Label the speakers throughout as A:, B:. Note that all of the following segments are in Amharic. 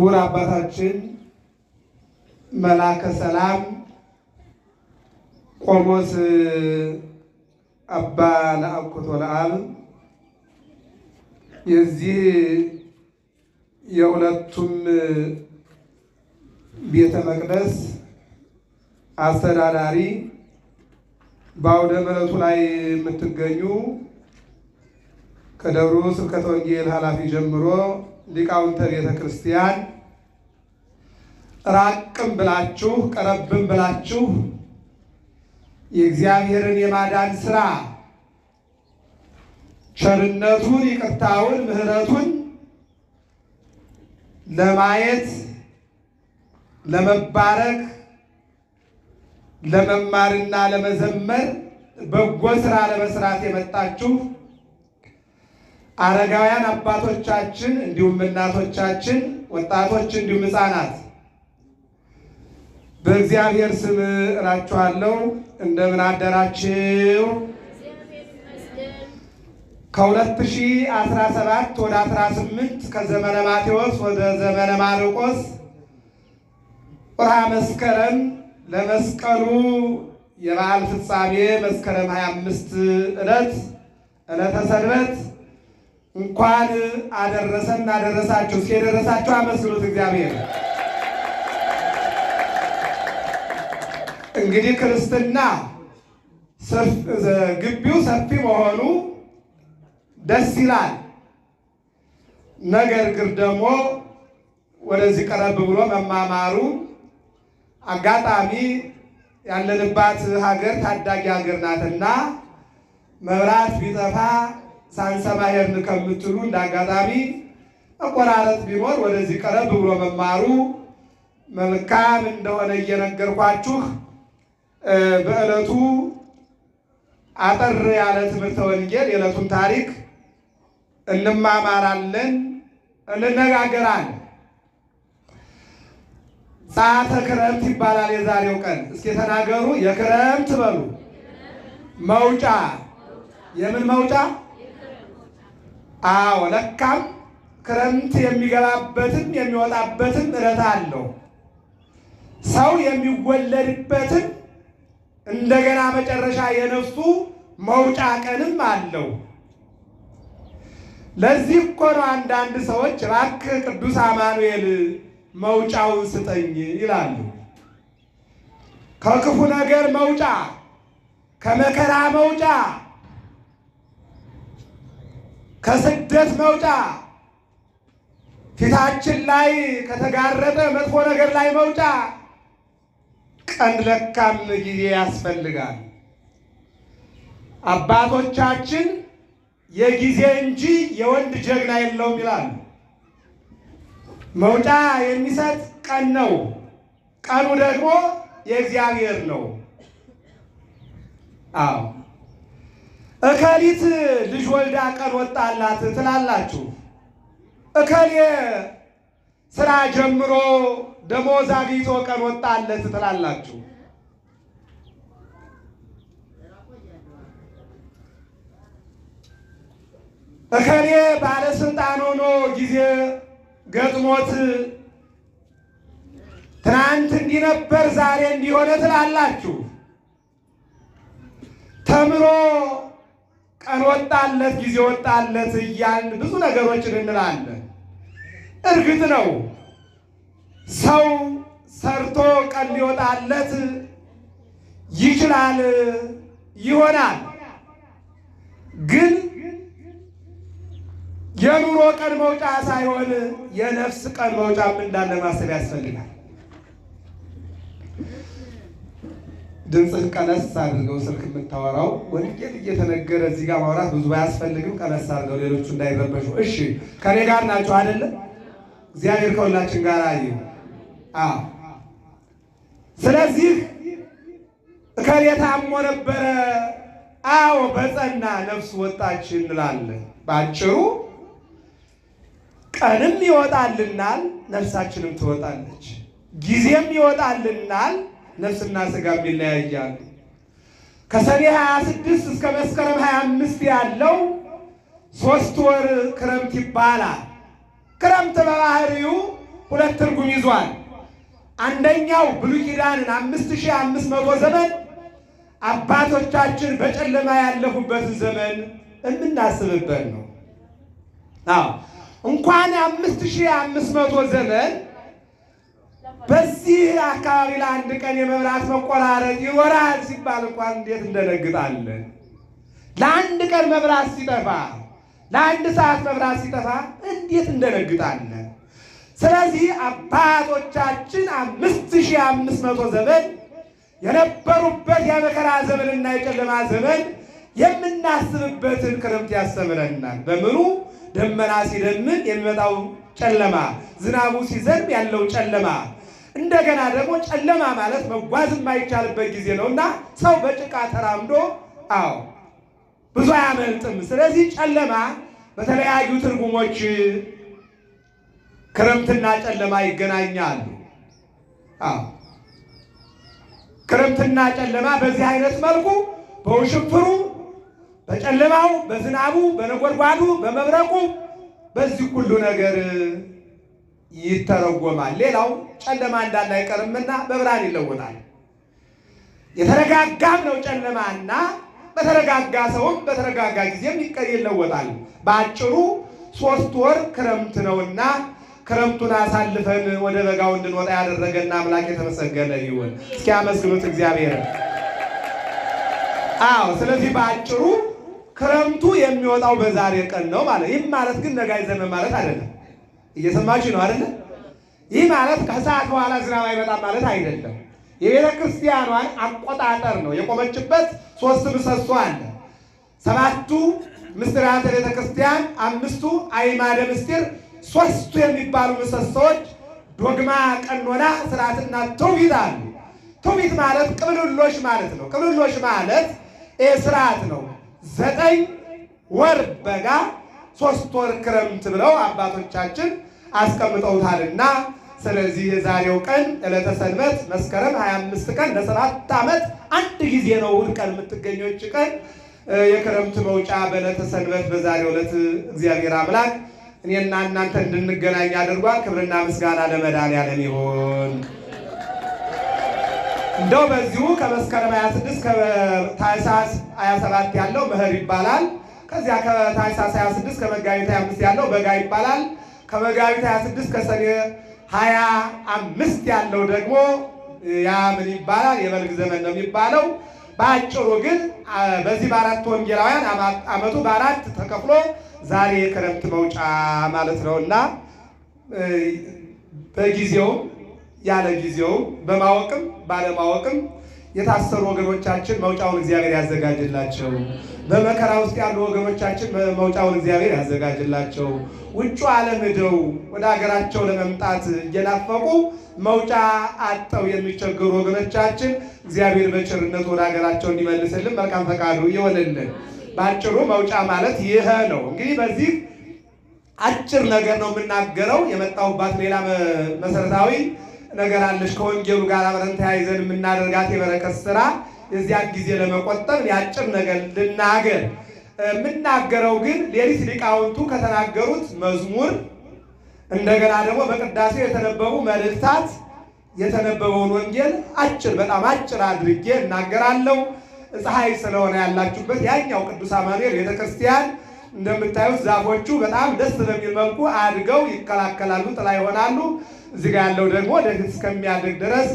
A: ክቡር አባታችን መላከ ሰላም ቆሞስ አባ ለአኩቶ ለአብ የዚህ የሁለቱም ቤተ መቅደስ አስተዳዳሪ በአውደ ምሕረቱ ላይ የምትገኙ ከደብሩ ስብከተ ወንጌል ኃላፊ ጀምሮ ሊቃውንተ ቤተ ክርስቲያን ራቅም ብላችሁ ቀረብም ብላችሁ የእግዚአብሔርን የማዳን ስራ ቸርነቱን፣ ይቅርታውን፣ ምሕረቱን ለማየት ለመባረክ ለመማርና ለመዘመር በጎ ስራ ለመስራት የመጣችሁ አረጋውያን አባቶቻችን እንዲሁም እናቶቻችን፣ ወጣቶች እንዲሁም ህፃናት በእግዚአብሔር ስም እላችኋለሁ እንደምን አደራችሁ። ከ2017 ወደ 18 ከዘመነ ማቴዎስ ወደ ዘመነ ማርቆስ ወርሃ መስከረም ለመስቀሉ የበዓል ፍጻሜ መስከረም 25 ዕለት ዕለተ ሰንበት እንኳን አደረሰን እናደረሳችሁ። እስኪ የደረሳችሁ አመስግኑት እግዚአብሔር። እንግዲህ ክርስትና ግቢው ሰፊ መሆኑ ደስ ይላል። ነገር ግን ደግሞ ወደዚህ ቀረብ ብሎ መማማሩ አጋጣሚ ያለንባት ሀገር ታዳጊ ሀገር ናትና መብራት ቢጠፋ ሳንሰማ ሄርን ከምትሉ እንደ አጋጣሚ መቆራረጥ ቢኖር ወደዚህ ቀረብ ብሎ መማሩ መልካም እንደሆነ እየነገርኳችሁ በዕለቱ አጠር ያለ ትምህርተ ወንጌል የዕለቱን ታሪክ እንማማራለን፣ እንነጋገራለን። ጸአተ ክረምት ይባላል የዛሬው ቀን። እስኪ ተናገሩ፣ የክረምት በሉ። መውጫ የምን መውጫ አዎ ለካም ክረምት የሚገባበትም የሚወጣበትም እለት አለው። ሰው የሚወለድበትም እንደገና መጨረሻ የነፍሱ መውጫ ቀንም አለው። ለዚህ እኮ ነው አንዳንድ ሰዎች እባክህ ቅዱስ አማኑኤል መውጫውን ስጠኝ ይላሉ። ከክፉ ነገር መውጫ፣ ከመከራ መውጫ ከስደት መውጫ ፊታችን ላይ ከተጋረጠ መጥፎ ነገር ላይ መውጫ ቀን ለካም ጊዜ ያስፈልጋል። አባቶቻችን የጊዜ እንጂ የወንድ ጀግና የለውም ይላሉ። መውጫ የሚሰጥ ቀን ነው። ቀኑ ደግሞ የእግዚአብሔር ነው። አዎ እከሊት ልጅ ወልዳ ቀን ወጣላት ትላላችሁ። እከሌ ስራ ጀምሮ ደሞዝ አግኝቶ ቀን ወጣለት ትላላችሁ። እከሌ ባለስልጣን ሆኖ ጊዜ ገጥሞት ትናንት እንዲነበር ዛሬ እንዲሆነ ትላላችሁ። ተምሮ ቀን ወጣለት፣ ጊዜ ወጣለት እያልን ብዙ ነገሮችን እንላለን። እርግጥ ነው ሰው ሰርቶ ቀን ሊወጣለት ይችላል ይሆናል። ግን የኑሮ ቀን መውጫ ሳይሆን የነፍስ ቀን መውጫም እንዳለ ማሰብ ያስፈልጋል። ድምፅን ቀነስ አድርገው ስልክ የምታወራው ወንጌል እየተነገረ እዚህ ጋር ማውራት ብዙ ባያስፈልግም ቀነስ አድርገው ሌሎቹ እንዳይረበሹ። እሺ ከኔ ጋር ናቸው አይደለም? እግዚአብሔር ከሁላችን ጋር አይ ስለዚህ እከሌ ታሞ ነበረ፣ አዎ በጸና ነፍስ ወጣች እንላለን። በአጭሩ ቀንም ይወጣልናል፣ ነፍሳችንም ትወጣለች። ጊዜም ይወጣልናል ነፍስና ስጋ ይለያያሉ። ከሰኔ 26 እስከ መስከረም 25 ያለው ሶስት ወር ክረምት ይባላል። ክረምት በባህሪው ሁለት ትርጉም ይዟል። አንደኛው ብሉይ ኪዳንን መቶ ዘመን አባቶቻችን በጨለማ ያለፉበትን ዘመን የምናስብበት ነው። አዎ እንኳን መቶ ዘመን በዚህ አካባቢ ለአንድ ቀን የመብራት መቆራረጥ ይወራል ሲባል እንኳን እንዴት እንደነግጣለን። ለአንድ ቀን መብራት ሲጠፋ፣ ለአንድ ሰዓት መብራት ሲጠፋ እንዴት እንደነግጣለን። ስለዚህ አባቶቻችን አምስት ሺህ አምስት መቶ ዘመን የነበሩበት የመከራ ዘመንና የጨለማ ዘመን የምናስብበትን ክረምት ያስተምረናል። በምኑ ደመና ሲደምን የሚመጣው ጨለማ፣ ዝናቡ ሲዘንብ ያለው ጨለማ እንደገና ደግሞ ጨለማ ማለት መጓዝ የማይቻልበት ጊዜ ነው እና ሰው በጭቃ ተራምዶ አዎ ብዙ አያመልጥም። ስለዚህ ጨለማ በተለያዩ ትርጉሞች ክረምትና ጨለማ ይገናኛሉ። አዎ ክረምትና ጨለማ በዚህ አይነት መልኩ በውሽፍሩ፣ በጨለማው፣ በዝናቡ፣ በነጎድጓዱ፣ በመብረቁ በዚህ ሁሉ ነገር ይተረጎማል። ሌላው ጨለማ እንዳለ አይቀርምና በብርሃን ይለወጣል። የተረጋጋም ነው ጨለማና በተረጋጋ ሰውም በተረጋጋ ጊዜም ይለወጣል። በአጭሩ ሶስት ወር ክረምት ነውና ክረምቱን አሳልፈን ወደ በጋው እንድንወጣ ያደረገና አምላክ የተመሰገነ ይሁን። እስኪ አመስግኑት አዎ፣ ስለዚህ በአጭሩ ክረምቱ የሚወጣው በዛሬ ቀን ነው ማለት ይህም ማለት ግን ነጋይ ዘመን ማለት አይደለም። እየሰማችሁ ነው አይደለ? ይህ ማለት ከሰዓት በኋላ ዝናብ አይመጣም ማለት አይደለም። የቤተ ክርስቲያኗን አቆጣጠር ነው የቆመችበት። ሶስት ምሰሶ አለ። ሰባቱ ምስጢራተ ቤተ ክርስቲያን፣ አምስቱ አይማደ ምስጢር፣ ሶስቱ የሚባሉ ምሰሶዎች ዶግማ፣ ቀኖና፣ ስርዓትና ትውፊት አሉ። ትውፊት ማለት ቅብልሎሽ ማለት ነው። ቅብልሎሽ ማለት ስርዓት ነው። ዘጠኝ ወር በጋ ሶስት ወር ክረምት ብለው አባቶቻችን አስቀምጠውታልና ስለዚህ የዛሬው ቀን ዕለተ ሰንበት መስከረም 25 ቀን ለሰባት ዓመት አንድ ጊዜ ነው እሑድ ቀን የምትገኘው ቀን የክረምት መውጫ በዕለተ ሰንበት በዛሬው ዕለት እግዚአብሔር አምላክ እኔና እናንተ እንድንገናኝ አድርጓል። ክብርና ምስጋና ለመድኃኒዓለም ይሁን። እንደው በዚሁ ከመስከረም 26 ከታኅሳስ 27 ያለው መኸር ይባላል። ከዚያ ከታኅሳስ 26 ከመጋቢት 25 ያለው በጋ ይባላል። ከመጋቢት 26 ከሰኔ 25 ያለው ደግሞ ያ ምን ይባላል? የበልግ ዘመን ነው የሚባለው። በአጭሩ ግን በዚህ በአራት ወንጌላውያን አመቱ በአራት ተከፍሎ ዛሬ የክረምት መውጫ ማለት ነው እና በጊዜው ያለ ጊዜው በማወቅም ባለማወቅም የታሰሩ ወገኖቻችን መውጫውን እግዚአብሔር ያዘጋጅላቸው። በመከራ ውስጥ ያሉ ወገኖቻችን መውጫውን እግዚአብሔር ያዘጋጅላቸው። ውጩ ዓለም ሄደው ወደ ሀገራቸው ለመምጣት እየናፈቁ መውጫ አጠው የሚቸገሩ ወገኖቻችን እግዚአብሔር በቸርነቱ ወደ ሀገራቸው እንዲመልስልን መልካም ፈቃዱ ይሆንልን። በአጭሩ መውጫ ማለት ይህ ነው። እንግዲህ በዚህ አጭር ነገር ነው የምናገረው። የመጣሁባት ሌላ መሰረታዊ ነገር አለች ከወንጌሉ ጋር አብረን ተያይዘን የምናደርጋት የበረከት ስራ እዚያን ጊዜ ለመቆጠብ ያጭር ነገር ልናገር። የምናገረው ግን ሌሊት ሊቃውንቱ ከተናገሩት መዝሙር እንደገና ደግሞ በቅዳሴው የተነበቡ መልእክታት የተነበበውን ወንጌል አጭር በጣም አጭር አድርጌ እናገራለሁ። ፀሐይ ስለሆነ ያላችሁበት ያኛው ቅዱስ አማኑኤል ቤተክርስቲያን እንደምታዩት ዛፎቹ በጣም ደስ በሚል መልኩ አድገው ይከላከላሉ፣ ጥላ ይሆናሉ። እዚህ ያለው ደግሞ ወደፊት እስከሚያድግ ድረስ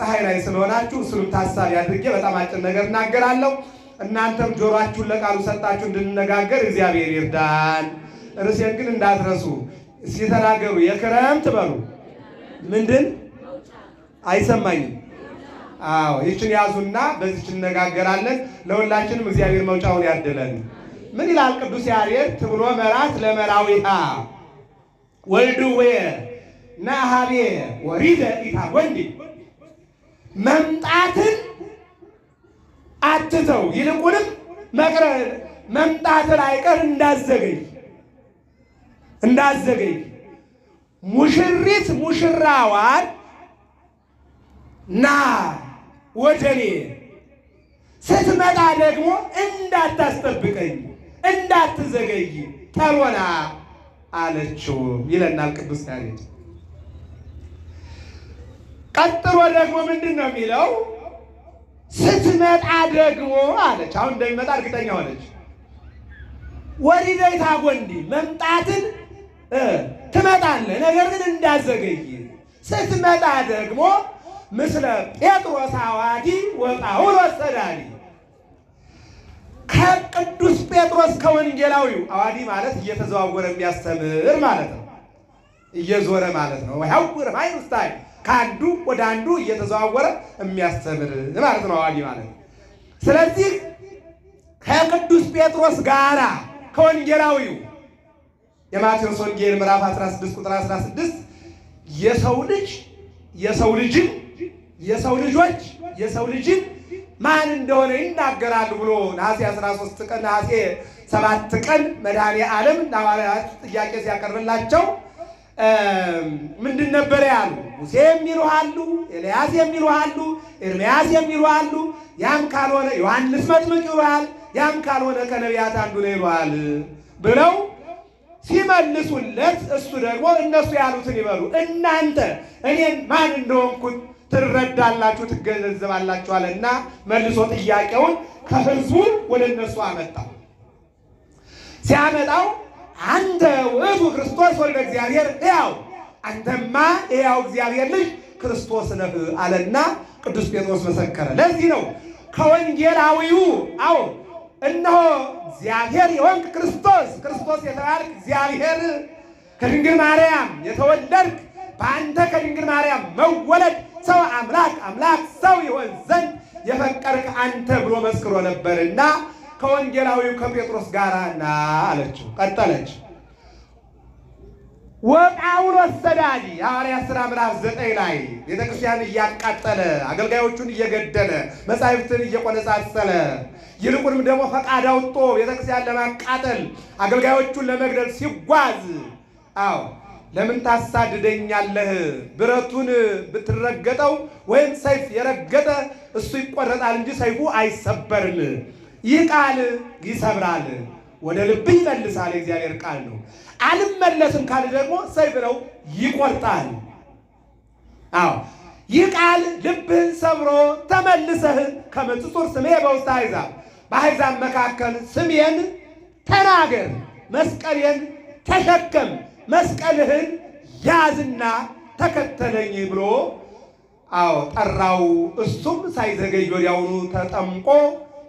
A: ፀሐይ ላይ ስለሆናችሁ እሱንም ታሳቢ አድርጌ በጣም አጭር ነገር እናገራለሁ። እናንተም ጆሯችሁን ለቃሉ ሰጣችሁ እንድንነጋገር እግዚአብሔር ይርዳን። ርዕሴን ግን እንዳትረሱ። ሲተናገሩ የክረምት በሉ ምንድን አይሰማኝም። አዎ ይችን ያዙና በዚች እንነጋገራለን። ለሁላችንም እግዚአብሔር መውጫውን ያድለን። ምን ይላል ቅዱስ ያሬድ? ትብሎ መራት ለመራዊሃ ወልድዌ ናሃቤ ወሪደ ኢታ ወንዲ መምጣትን አትተው፣ ይልቁንም መቅረብ መምጣትን አይቀር እንዳዘገይ እንዳዘገይ ሙሽሪት ሙሽራዋን ና ወደ እኔ ስትመጣ ደግሞ እንዳታስጠብቀኝ እንዳትዘገይ ተሎና አለችው ይለናል ቅዱስ ያሬድ። ቀጥሮ ደግሞ ምንድን ነው የሚለው? ስትመጣ ደግሞ አለች። አሁን እንደሚመጣ እርግጠኛ ሆነች። ወዲደይ ታጎንዲ መምጣትን ትመጣለህ፣ ነገር ግን እንዳዘገይ ስትመጣ ደግሞ ምስለ ጴጥሮስ አዋዲ ወጳውሎስ ጸዳሊ ከቅዱስ ጴጥሮስ ከወንጌላዊው አዋዲ ማለት እየተዘዋወረ የሚያስተምር ማለት ነው። እየዞረ ማለት ነው። ያውር ማይኑስታይ ከአንዱ ወደ አንዱ እየተዘዋወረ የሚያስተምር ማለት ነው አዋጅ ማለት። ስለዚህ ከቅዱስ ጴጥሮስ ጋራ ከወንጌላዊው የማቴዎስ ወንጌል ምዕራፍ 16 ቁጥር 16 የሰው ልጅ የሰው ልጅን የሰው ልጆች የሰው ልጅን ማን እንደሆነ ይናገራል ብሎ ነሐሴ 13 ቀን ነሐሴ 7 ቀን መድኃኔ ዓለም ለሐዋርያት ጥያቄ ሲያቀርብላቸው ምንድን ነበረ ያሉ ሙሴ የሚሉ አሉ፣ ኤልያስ የሚሉ አሉ፣ ኤርምያስ የሚሉ አሉ። ያም ካልሆነ ዮሐንስ መጥምቅ ይሏል፣ ያም ካልሆነ ከነቢያት አንዱ ነው ይሏል ብለው ሲመልሱለት እሱ ደግሞ እነሱ ያሉትን ይበሉ እናንተ እኔን ማን እንደሆንኩት ትረዳላችሁ ትገነዘባላችኋልና መልሶ ጥያቄውን ከህዝቡ ወደ እነሱ አመጣው። ሲያመጣው አንተ ውእቱ ክርስቶስ ወልደ እግዚአብሔር ሕያው አንተማ ሕያው እግዚአብሔር ልጅ ክርስቶስ ነህ አለና ቅዱስ ጴጥሮስ መሰከረ። ለዚህ ነው ከወንጌላዊው አዎ እነሆ እግዚአብሔር የወንክ ክርስቶስ ክርስቶስ የተባልክ እግዚአብሔር ከድንግል ማርያም የተወለድክ በአንተ ከድንግል ማርያም መወለድ ሰው አምላክ አምላክ ሰው ይሆን ዘንድ የፈቀርክ አንተ ብሎ መስክሮ ነበርና ከወንጌላዊው ከጴጥሮስ ጋር ና አለችው። ቀጠለች። ወጳውሎስ ሰዳዲ ሐዋርያት ሥራ ምዕራፍ ዘጠኝ ላይ ቤተ ክርስቲያን እያቃጠለ አገልጋዮቹን እየገደለ መጻሕፍትን እየቆነጻጸለ ይልቁንም ደግሞ ፈቃድ አውጥቶ ቤተ ክርስቲያን ለማቃጠል አገልጋዮቹን ለመግደል ሲጓዝ፣ አዎ ለምን ታሳድደኛለህ? ብረቱን ብትረገጠው ወይም ሰይፍ የረገጠ እሱ ይቆረጣል እንጂ ሰይፉ አይሰበርም። ይህ ቃል ይሰብራል፣ ወደ ልብ ይመልሳል። የእግዚአብሔር ቃል ነው። አልመለስም ካለ ደግሞ ሰይፍ ይቆርጣል። አዎ ይህ ቃል ልብህን ሰብሮ ተመልሰህ ከመንጽጹር ስሜ በውስተ አሕዛብ በአሕዛብ መካከል ስሜን ተናገር፣ መስቀሌን ተሸከም፣ መስቀልህን ያዝና ተከተለኝ ብሎ አዎ ጠራው። እሱም ሳይዘገይ ወዲያውኑ ተጠምቆ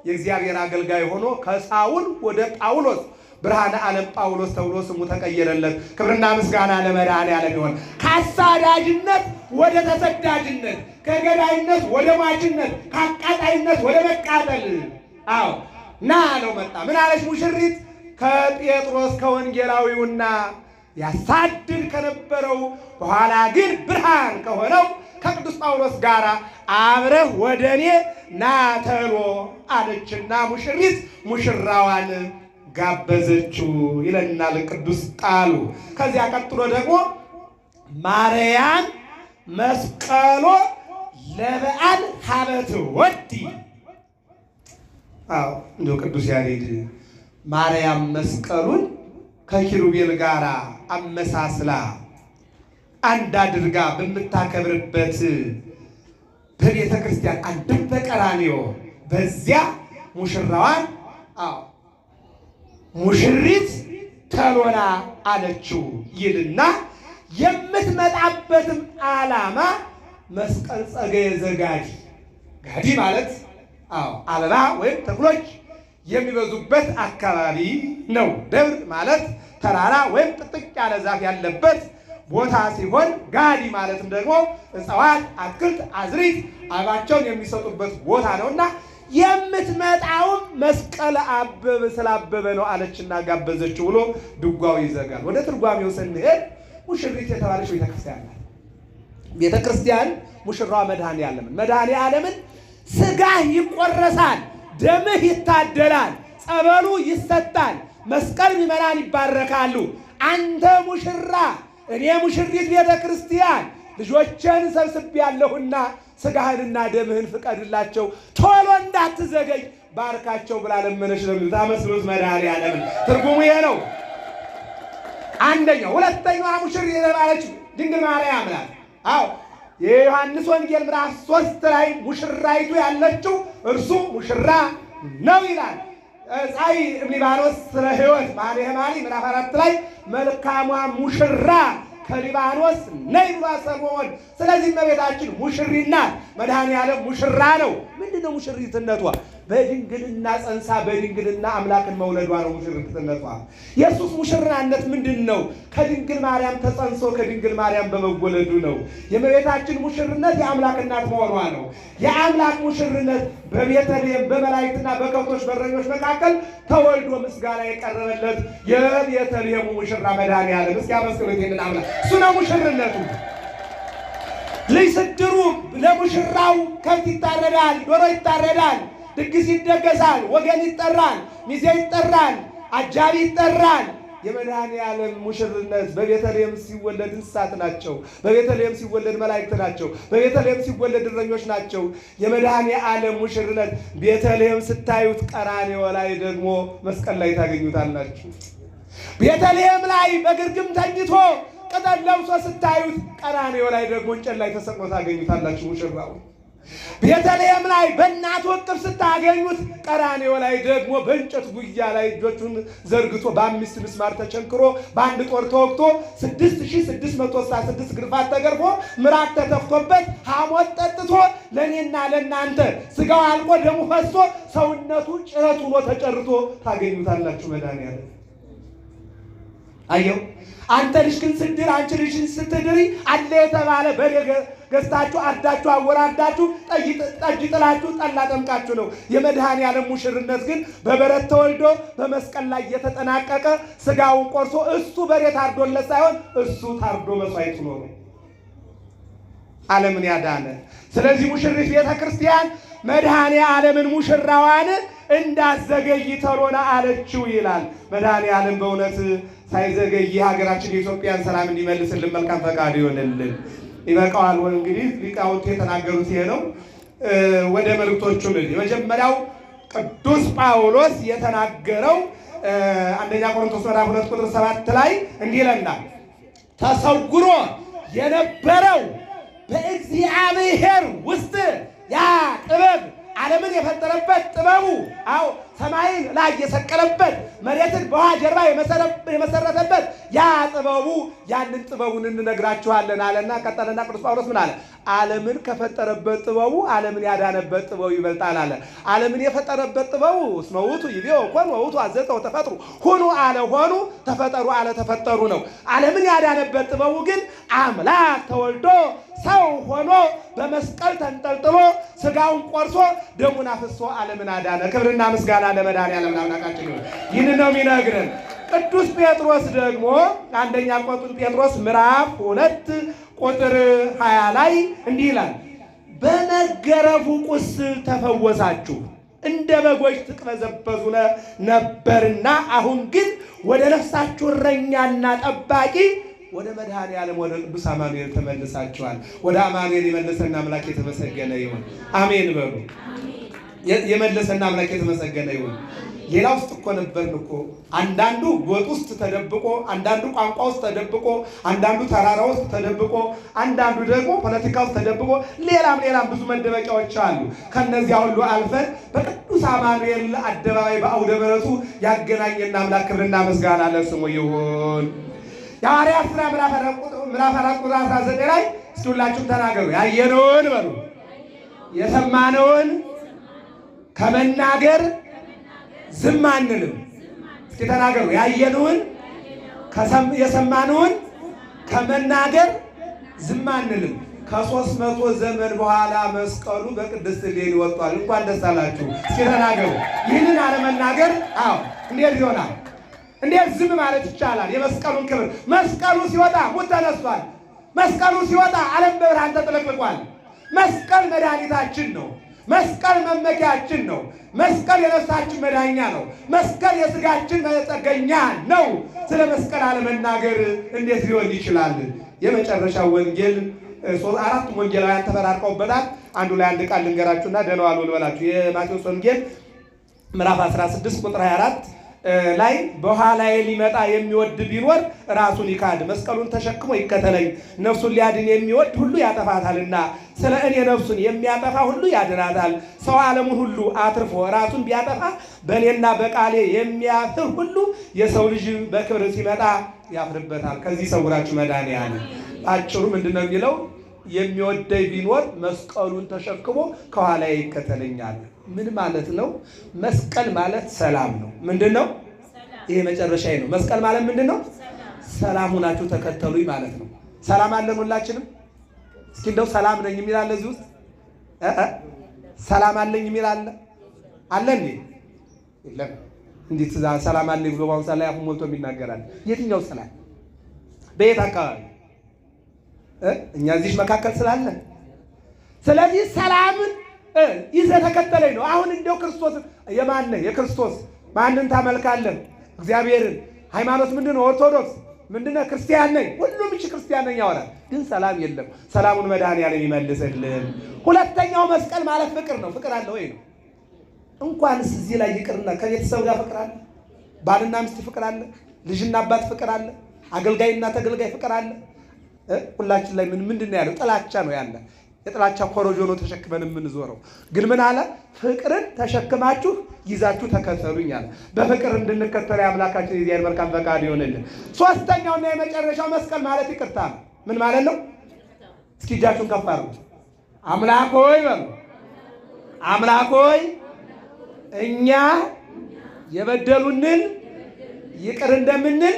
A: የእግዚአብሔር አገልጋይ ሆኖ ከሳውል ወደ ጳውሎስ ብርሃነ ዓለም ጳውሎስ ተብሎ ስሙ ተቀየረለት። ክብርና ምስጋና ለመድኃኔዓለም ይሆን። ከአሳዳጅነት ወደ ተሰዳጅነት፣ ከገዳይነት ወደ ሟችነት፣ ከአቃጣይነት ወደ መቃጠል አዎ ና አለው መጣ። ምን አለች ሙሽሪት? ከጴጥሮስ ከወንጌላዊውና ያሳድድ ከነበረው በኋላ ግን ብርሃን ከሆነው ከቅዱስ ጳውሎስ ጋር አብረህ ወደ እኔ ና ተሎ አለችና ሙሽሪት ሙሽራዋን ጋበዘችው ይለናል ቅዱስ ቃሉ። ከዚያ ቀጥሎ ደግሞ ማርያም መስቀሎ ለበዓል ሀበት ወዲ አዎ እንደው ቅዱስ ያሬድ ማርያም መስቀሉን ከኪሩቤል ጋር አመሳስላ አንድ አድርጋ በምታከብርበት በቤተ ክርስቲያን አድም በቀራንዮ በዚያ ሙሽራዋን አዎ ሙሽሪት ተሎና አለችው ይልና የምትመጣበትም ዓላማ መስቀል ጸገየ ዘጋዲ ጋዲ ማለት አዎ አበባ ወይም ተክሎች የሚበዙበት አካባቢ ነው። ደብር ማለት ተራራ ወይም ጥጥቅ ያለ ዛፍ ያለበት ቦታ ሲሆን ጋዲ ማለትም ደግሞ እጽዋት አትክልት፣ አዝሪት አበባቸውን የሚሰጡበት ቦታ ነው እና የምትመጣውም መስቀል አበበ ስላበበ ነው አለችና ጋበዘችው ብሎ ድጓው ይዘጋል። ወደ ትርጓሜው ስንሄድ ሙሽሪት የተባለች ቤተክርስቲያን ናት። ቤተክርስቲያን ሙሽራዋ መድኃኔ ዓለምን መድኃኔ ዓለምን ስጋህ ይቆረሳል፣ ደምህ ይታደላል፣ ጸበሉ ይሰጣል፣ መስቀል ምዕመናን ይባረካሉ አንተ ሙሽራ እኔ ሙሽሪት ቤተ ክርስቲያን ሰብስብ ሰብስቤያለሁና ስጋህንና ደምህን ፍቀድላቸው፣ ቶሎ እንዳትዘገይ ባርካቸው ብላ ለመነች። ለምን ታመስሉት መድኃኒዓለም። ትርጉሙ ይሄ ነው። አንደኛው። ሁለተኛዋ ሙሽሪት የተባለች ድንግል ማርያም ናት። አዎ የዮሐንስ ወንጌል ምዕራፍ ሶስት ላይ ሙሽራይቱ ያለችው እርሱ ሙሽራ ነው ይላል። ፀይ እምሊባኖስ ስለ ሕይወት ባሌ ማሊ ምዕራፍ አራት ላይ መልካሟ ሙሽራ ከሊባኖስ ነይ ብሎ ሰምዖን። ስለዚህ እመቤታችን ሙሽሪት ናት፣ መድኃኔዓለም ሙሽራ ነው። ምንድነው ሙሽሪትነቷ? በድንግልና ጸንሳ በድንግልና አምላክን መውለዷ ነው ሙሽርትነቷ። የሱስ ሙሽራነት ምንድን ነው? ከድንግል ማርያም ተጸንሶ ከድንግል ማርያም በመወለዱ ነው። የመቤታችን ሙሽርነት የአምላክ እናት መሆኗ ነው። የአምላክ ሙሽርነት በቤተልሔም በመላእክትና በከብቶች በረኞች መካከል ተወልዶ ምስጋና የቀረበለት የቤተልሔሙ ሙሽራ መድኃኔዓለም እስኪ አመስግኑት ይህንን አምላክ። እሱ ነው ሙሽርነቱ። ልጅ ስድሩ ለሙሽራው ከብት ይታረዳል፣ ዶሮ ይታረዳል ድግስ ይደገሳል፣ ወገን ይጠራል፣ ሚዜ ይጠራል፣ አጃቢ ይጠራል። የመድኃኔ ዓለም ሙሽርነት በቤተልሔም ሲወለድ እንስሳት ናቸው። በቤተልሔም ሲወለድ መላእክት ናቸው። በቤተልሔም ሲወለድ እረኞች ናቸው። የመድኃኔ ዓለም ሙሽርነት ቤተልሔም ስታዩት፣ ቀራንዮ ላይ ደግሞ መስቀል ላይ ታገኙታላችሁ። ቤተልሔም ላይ በግርግም ተኝቶ ቅጠል ለብሶ ስታዩት፣ ቀራንዮ ላይ ደግሞ እንጨት ላይ ተሰቅሎ ታገኙታላችሁ ሙሽራው ቤተልሔም ላይ በእናት ወቅፍ ስታገኙት፣ ቀራንዮ ላይ ደግሞ በእንጨት ጉያ ላይ እጆቹን ዘርግቶ በአምስት ምስማር ተቸንክሮ በአንድ ጦር ተወቅቶ 6666 ግርፋት ተገርፎ ምራቅ ተተፍቶበት ሐሞት ጠጥቶ ለእኔና ለእናንተ ስጋው አልቆ ደሙ ፈሶ ሰውነቱ ጭረት ሆኖ ተጨርቶ ታገኙታላችሁ መድኃኒዓለም አየው አንተ ልጅ ግን ስድር አንቺ ልጅ ስትድሪ አለ የተባለ በሬ ገዝታችሁ አርዳችሁ አወራርዳችሁ ጠጅ ጥላችሁ ጠላ ጠምቃችሁ ነው። የመድኃኔዓለም ሙሽርነት ግን በበረት ተወልዶ በመስቀል ላይ የተጠናቀቀ ስጋውን ቆርሶ እሱ በሬ ታርዶለት ሳይሆን እሱ ታርዶ መስዋዕት ሆኖ ነው ዓለምን ያዳነ። ስለዚህ ሙሽሪት ቤተ ክርስቲያን መድኃኔዓለምን ሙሽራዋን እንዳዘገይ ተሮና አለችው ይላል። መድኃኔዓለም በእውነት ሳይዘገይ ሀገራችን የኢትዮጵያን ሰላም እንዲመልስልን መልካም ፈቃዱ ይሆንልን። ይበቃዋል ወይ እንግዲህ ሊቃውንት የተናገሩት ይሄ ነው። ወደ መልእክቶቹ የመጀመሪያው ቅዱስ ጳውሎስ የተናገረው አንደኛ ቆሮንቶስ ምዕራፍ ሁለት ቁጥር ሰባት ላይ እንዲህ ይለናል፣ ተሰውሮ የነበረው በእግዚአብሔር ውስጥ ያ ጥበብ ዓለምን የፈጠረበት ጥበቡ አው ሰማይን ላይ የሰቀለበት መሬትን በውሃ ጀርባ የመሰረተበት ያ ጥበቡ ያንን ጥበቡን እንነግራችኋለን አለና ቀጠለና ቅዱስ ጳውሎስ ምን አለ? ዓለምን ከፈጠረበት ጥበቡ ዓለምን ያዳነበት ጥበቡ ይበልጣል አለ። ዓለምን የፈጠረበት ጥበቡ እስመ ውእቱ ይቤ ኮን ወውእቱ አዘጠው ተፈጥሩ ሁኑ አለ ሆኑ፣ ተፈጠሩ አለ ተፈጠሩ ነው። ዓለምን ያዳነበት ጥበቡ ግን አምላክ ተወልዶ ሰው ሆኖ በመስቀል ተንጠልጥሎ ስጋውን ቆርሶ ደሙን አፍሶ ዓለምን አዳነ። ክብርና ምስጋና ለመድኃኒዓለም አምላካችን ይሁን። ይህን ነው የሚነግረን። ቅዱስ ጴጥሮስ ደግሞ አንደኛ ቆጡ ጴጥሮስ ምዕራፍ ሁለት ቁጥር ሀያ ላይ እንዲህ ይላል በመገረፉ ቁስል ተፈወሳችሁ እንደ በጎች ትቅበዘበዙ ነበርና አሁን ግን ወደ ነፍሳችሁ እረኛና ጠባቂ ወደ መድኃኔ ዓለም ወደ ቅዱስ አማኑኤል ተመልሳችኋል። ወደ አማኑኤል የመለሰን አምላክ የተመሰገነ ይሁን። አሜን በሉ። የመለሰን አምላክ የተመሰገነ ይሁን። ሌላ ውስጥ እኮ ነበርን እኮ አንዳንዱ ጎጥ ውስጥ ተደብቆ፣ አንዳንዱ ቋንቋ ውስጥ ተደብቆ፣ አንዳንዱ ተራራ ውስጥ ተደብቆ፣ አንዳንዱ ደግሞ ፖለቲካ ውስጥ ተደብቆ፣ ሌላም ሌላም ብዙ መደበቂያዎች አሉ። ከነዚያ ሁሉ አልፈን በቅዱስ አማኑኤል አደባባይ በአውደ በረቱ ያገናኘን አምላክ ክብርና ምስጋና ለስሙ ይሁን። የሐዋርያት ሥራ ምዕራፍ አራት ቁጥር አስራ ዘጠኝ ላይ እስኪ ሁላችሁም ተናገሩ። ያየነውን በሉ የሰማነውን ከመናገር ዝም አንልም። እስኪ ተናገሩ። ያየነውን የሰማነውን ከመናገር ዝም አንልም። ከሦስት መቶ ዘመን በኋላ መስቀሉ በቅድስት ሌሊት ወጥቷል። እንኳን ደስ አላችሁ። እስኪ ተናገሩ። ይህንን አለመናገር አዎ፣ እንዴት ይሆናል? እንዴት ዝም ማለት ይቻላል? የመስቀሉን ክብር መስቀሉ ሲወጣ ሙት ተነስቷል። መስቀሉ ሲወጣ ዓለም በብርሃን ተጥለቅልቋል። መስቀል መድኃኒታችን ነው። መስቀል መመኪያችን ነው። መስቀል የነፍሳችን መዳኛ ነው። መስቀል የስጋችን መጠገኛ ነው። ስለ መስቀል አለመናገር እንዴት ሊሆን ይችላል? የመጨረሻው ወንጌል አራቱም ወንጌላውያን ተፈራርቀውበታል። አንዱ ላይ አንድ ቃል ልንገራችሁና ደህና ዋሉ ልበላችሁ። የማቴዎስ ወንጌል ምዕራፍ 16 ቁጥር 24 ላይ ላይ ሊመጣ የሚወድ ቢኖር ራሱን ይካድ፣ መስቀሉን ተሸክሞ ይከተለኝ። ነፍሱን ሊያድን የሚወድ ሁሉ ያጠፋታልና ስለ እኔ ነፍሱን የሚያጠፋ ሁሉ ያድናታል። ሰው ዓለሙን ሁሉ አትርፎ ራሱን ቢያጠፋ በእኔና በቃሌ የሚያፍር ሁሉ የሰው ልጅ በክብር ሲመጣ ያፍርበታል። ከዚህ ሰውራችሁ መዳን አጭሩ ምንድን ነው የሚለው? የሚወደኝ ቢኖር መስቀሉን ተሸክሞ ከኋላ ይከተለኛል። ምን ማለት ነው? መስቀል ማለት ሰላም ነው። ምንድን ነው? ይሄ መጨረሻ ነው። መስቀል ማለት ምንድን ነው? ሰላም ሆናችሁ ተከተሉኝ ማለት ነው። ሰላም አለን ሁላችንም። እስኪ እንደው ሰላም ነኝ የሚል አለ እዚህ ውስጥ ሰላም አለኝ የሚል አለ አለ እንዴ? የለም። እንዴት ሰላም አለኝ ብሎ በአሁኑ ሰዓት ላይ ሞልቶ የሚናገራል? የትኛው ሰላም በየት አካባቢ? እኛ እዚህ መካከል ስላለ ስለዚህ ሰላምን ተከተለኝ ነው። አሁን እንደው ክርስቶስ የማነ የክርስቶስ ማንን ታመልካለህ? እግዚአብሔርን። ሃይማኖት ምንድን ነው? ኦርቶዶክስ ምንድን ነው? ክርስቲያን ነኝ። ሁሉም እሺ ክርስቲያን ነኝ ያወራል፣ ግን ሰላም የለም። ሰላሙን ያለ ይመልስልን። ሁለተኛው መስቀል ማለት ፍቅር ነው። ፍቅር አለ ወይ ነው? እንኳንስ እዚህ ላይ ይቅርና ከቤተሰብ ጋር ፍቅር አለ፣ ባልና ሚስት ፍቅር አለ፣ ልጅና አባት ፍቅር አለ፣ አገልጋይና ተገልጋይ ፍቅር አለ። ሁላችን ላይ ምን ምንድን ነው ያለው? ጥላቻ ነው ያለ የጥላቻ ኮረጆ ነው ተሸክመን የምንዞረው። ግን ምን አለ? ፍቅርን ተሸክማችሁ ይዛችሁ ተከተሉኝ አለ። በፍቅር እንድንከተል የአምላካችን የዚያን መልካም ፈቃድ ይሆንልን። ሶስተኛውና የመጨረሻው መስቀል ማለት ይቅርታ ነው። ምን ማለት ነው? እስኪ እጃችሁን ከፍ አድርጉ። አምላክ ሆይ በሉ። አምላክ ሆይ እኛ የበደሉንን ይቅር እንደምንል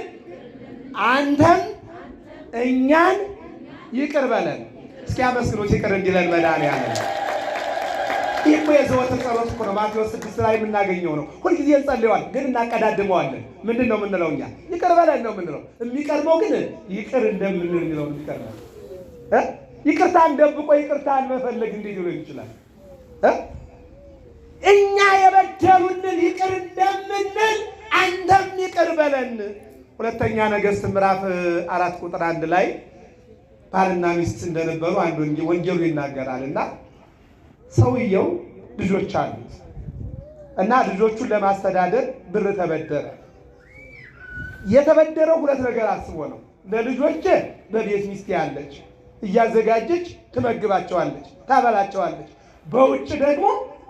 A: አንተም እኛን ይቅር በለን እስኪ አመስግኑት ይቅር እንዲለን መድኃኒዓለም። ይህ እኮ የዘወትር ጸሎት እኮ ነው። ማቴዎስ ስድስት ላይ የምናገኘው ነው። ሁልጊዜ እንጸልየዋለን፣ ግን እናቀዳድመዋለን። ምንድን ነው የምንለው እኛ? ይቅር በለን ነው የምንለው። የሚቀርበው ግን ይቅር እንደምንለው የሚለው የሚቀርበው ይቅርታን ደብቆ ይቅርታን መፈለግ እንዴት ሊሆን ይችላል? እኛ የበደሉንን ይቅር እንደምንል አንተም ይቅር በለን። ሁለተኛ ነገሥት ምዕራፍ አራት ቁጥር አንድ ላይ ባልና ሚስት እንደነበሩ አንድ ወንጌሉ ይናገራል። እና ሰውየው ልጆች አሉት እና ልጆቹን ለማስተዳደር ብር ተበደረ። የተበደረው ሁለት ነገር አስቦ ነው። ለልጆች በቤት ሚስት ያለች እያዘጋጀች ትመግባቸዋለች፣ ታበላቸዋለች። በውጭ ደግሞ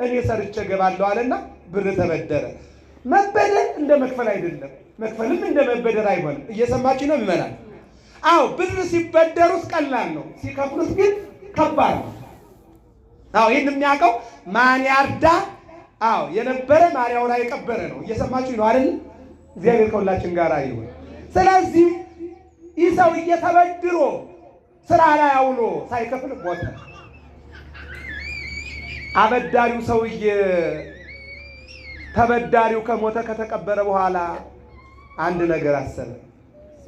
A: እኔ ሰርቼ እገባለሁ አለና ብር ተበደረ። መበደር እንደ መክፈል አይደለም፣ መክፈልም እንደ መበደር አይሆንም። እየሰማችሁ ነው ይመናል አዎ ብር ሲበደሩት ቀላል ነው፣ ሲከፍሉት ግን ከባድ ነው። አዎ ይህን የሚያውቀው ማን ያርዳ። አዎ የነበረ ማርያው ላይ የቀበረ ነው። እየሰማችሁ ነው አይደል? እግዚአብሔር ከሁላችን ጋር ይሁን። ስለዚህ ይህ ሰውዬ ተበድሮ ስራ ላይ አውሎ ሳይከፍል ሞተ። አበዳሪው ሰውዬ ተበዳሪው ከሞተ ከተቀበረ በኋላ አንድ ነገር አሰበ።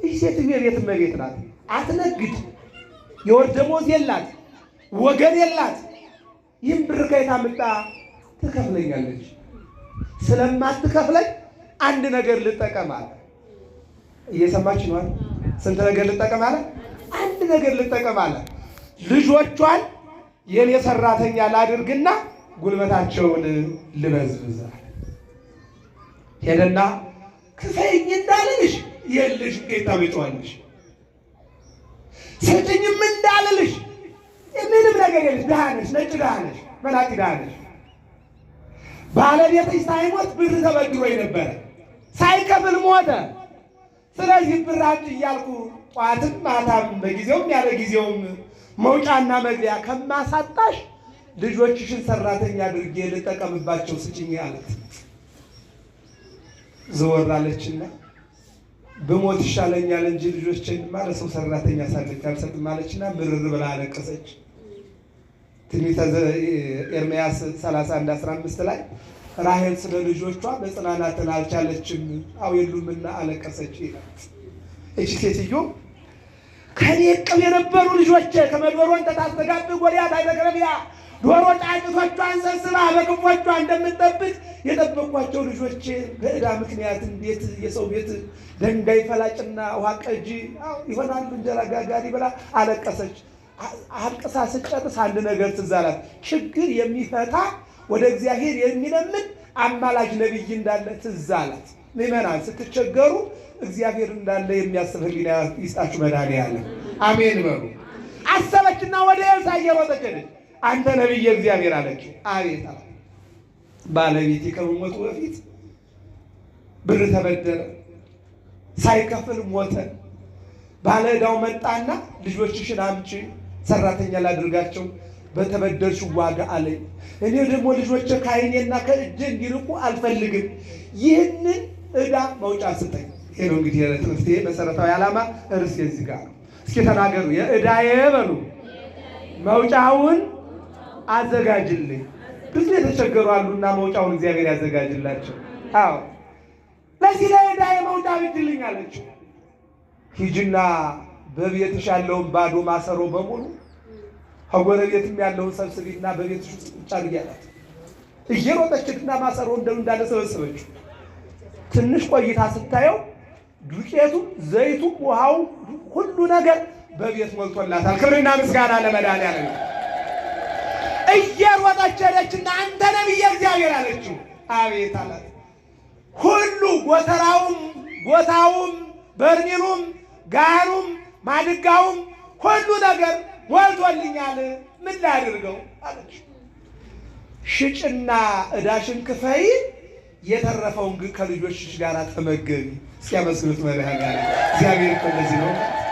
A: ይህ ሴትዮ የቤት እመቤት ናት። አትነግድ፣ የወር ደሞዝ የላት፣ ወገን የላት። ይህም ብር ከየት አምጣ ትከፍለኛለች? ስለማትከፍለኝ አንድ ነገር ልጠቀም አለ። እየሰማች ነው። ስንት ነገር ልጠቀም አለ? አንድ ነገር ልጠቀም አለ። ልጆቿን የኔ ሰራተኛ ላድርግና ጉልበታቸውን ልበዝብዛል። ሄደና ክፈይኝ እንዳለሽ የለሽ ጌታ ቤጠዋለሽ ስጭኝም እንዳልልሽ ምንም ነገር የለሽ። ድሃ ነሽ፣ ነጭ ድሃ ነሽ፣ መላቂ ድሃ ነሽ። ባለቤትሽ ሳይሞት ብር ተበድሮ ነበረ፣ ሳይከፍል ሞተ። ስለዚህ ብር አንድ እያልኩ ጠዋትም ማታም በጊዜውም ያለ ጊዜውም መውጫና መግቢያ ከማሳጣሽ ልጆችሽን ሰራተኛ አድርጌ ልጠቀምባቸው ስጭኝ አለት። ዘወራለችና በሞት ይሻለኛል እንጂ ልጆችንማ ለሰው ሰራተኛ ሳልክ አልሰጥም አለችና ምርር ብላ አለቀሰች። ትንቢተ ኤርምያስ 31 15 ላይ ራሄል ስለ ልጆቿ መጽናናትን አልቻለችም፣ አው የሉምና አለቀሰች ይላል። እቺ ሴትዮ ከኔ ቅብ የነበሩ ልጆች ከመድበሮን ተታስተጋብ ጎልያት አይተክረቢያ ዶሮ ጫጩቶቿን ሰብስባ በክንፎቿ እንደምትጠብቅ የጠበቋቸው ልጆች በዕዳ ምክንያት እንዴት የሰው ቤት ደንጋይ ፈላጭና ውሃ ቀጂ ይሆናሉ? እንጀራ ጋጋሪ ብላ አለቀሰች። አልቅሳ ስጨርስ አንድ ነገር ትዝ አላት። ችግር የሚፈታ ወደ እግዚአብሔር የሚለምን አማላጅ ነቢይ እንዳለ ትዝ አላት። ምዕመናን ስትቸገሩ እግዚአብሔር እንዳለ የሚያስብ ሕሊና ይስጣችሁ። መድኃኔዓለም አሜን በሉ። አሰበችና ወደ ኤልሳዕ እየሮጠች ሄደች። አንተ ነብይ እግዚአብሔር አለችው። አቤት አለ። ባለቤቴ ከመሞቱ በፊት ብር ተበደረ፣ ሳይከፍል ሞተ። ባለ ዕዳው መጣና ልጆችሽን አምጪ ሰራተኛ ላድርጋቸው በተበደርሽ ዋጋ አለኝ። እኔ ደግሞ ልጆች ከአይኔና ከእጄ እንዲርቁ አልፈልግም። ይህንን እዳ መውጫ ስጠኝ። ይሄ ነው እንግዲህ የትምህርት መሰረታዊ ዓላማ እርስ የዚህ ጋር ነው። እስኪ ተናገሩ፣ የእዳዬ በሉ መውጫውን አዘጋጅልኝ። ብዙ የተቸገሩ አሉና መውጫውን እግዚአብሔር ያዘጋጅላቸው። አዎ ለዚህ ላይ ዕዳ መውጫ አበጅልኝ አለችው። ሂጅና በቤትሽ ያለውን ባዶ ማሰሮ በሙሉ ከጎረቤትም ያለውን ሰብስቢና በቤትሽ ውስጥ ብቻ ልያላት። እየሮጠችና ማሰሮ እንደው እንዳለ ሰበሰበችው። ትንሽ ቆይታ ስታየው ዱቄቱም፣ ዘይቱም፣ ውሃው ሁሉ ነገር በቤት ሞልቶላታል። ክብርና ምስጋና ለመድኃኒዓለም። እየሮጠች ሄደችና አንተ ነቢየ እግዚአብሔር አለችው። አቤት አላት። ሁሉ ጎተራውም፣ ጎታውም፣ በርሚሉም፣ ጋሩም፣ ማድጋውም ሁሉ ነገር ሞልቶልኛል፣ ምን ላድርገው አለች። ሽጭና እዳሽን ክፈይ፣ የተረፈውን ግን ከልጆችሽ ጋር ተመገቢ። እስኪያመስግኑት መሪያ ጋር እግዚአብሔር ከእነዚህ ነው።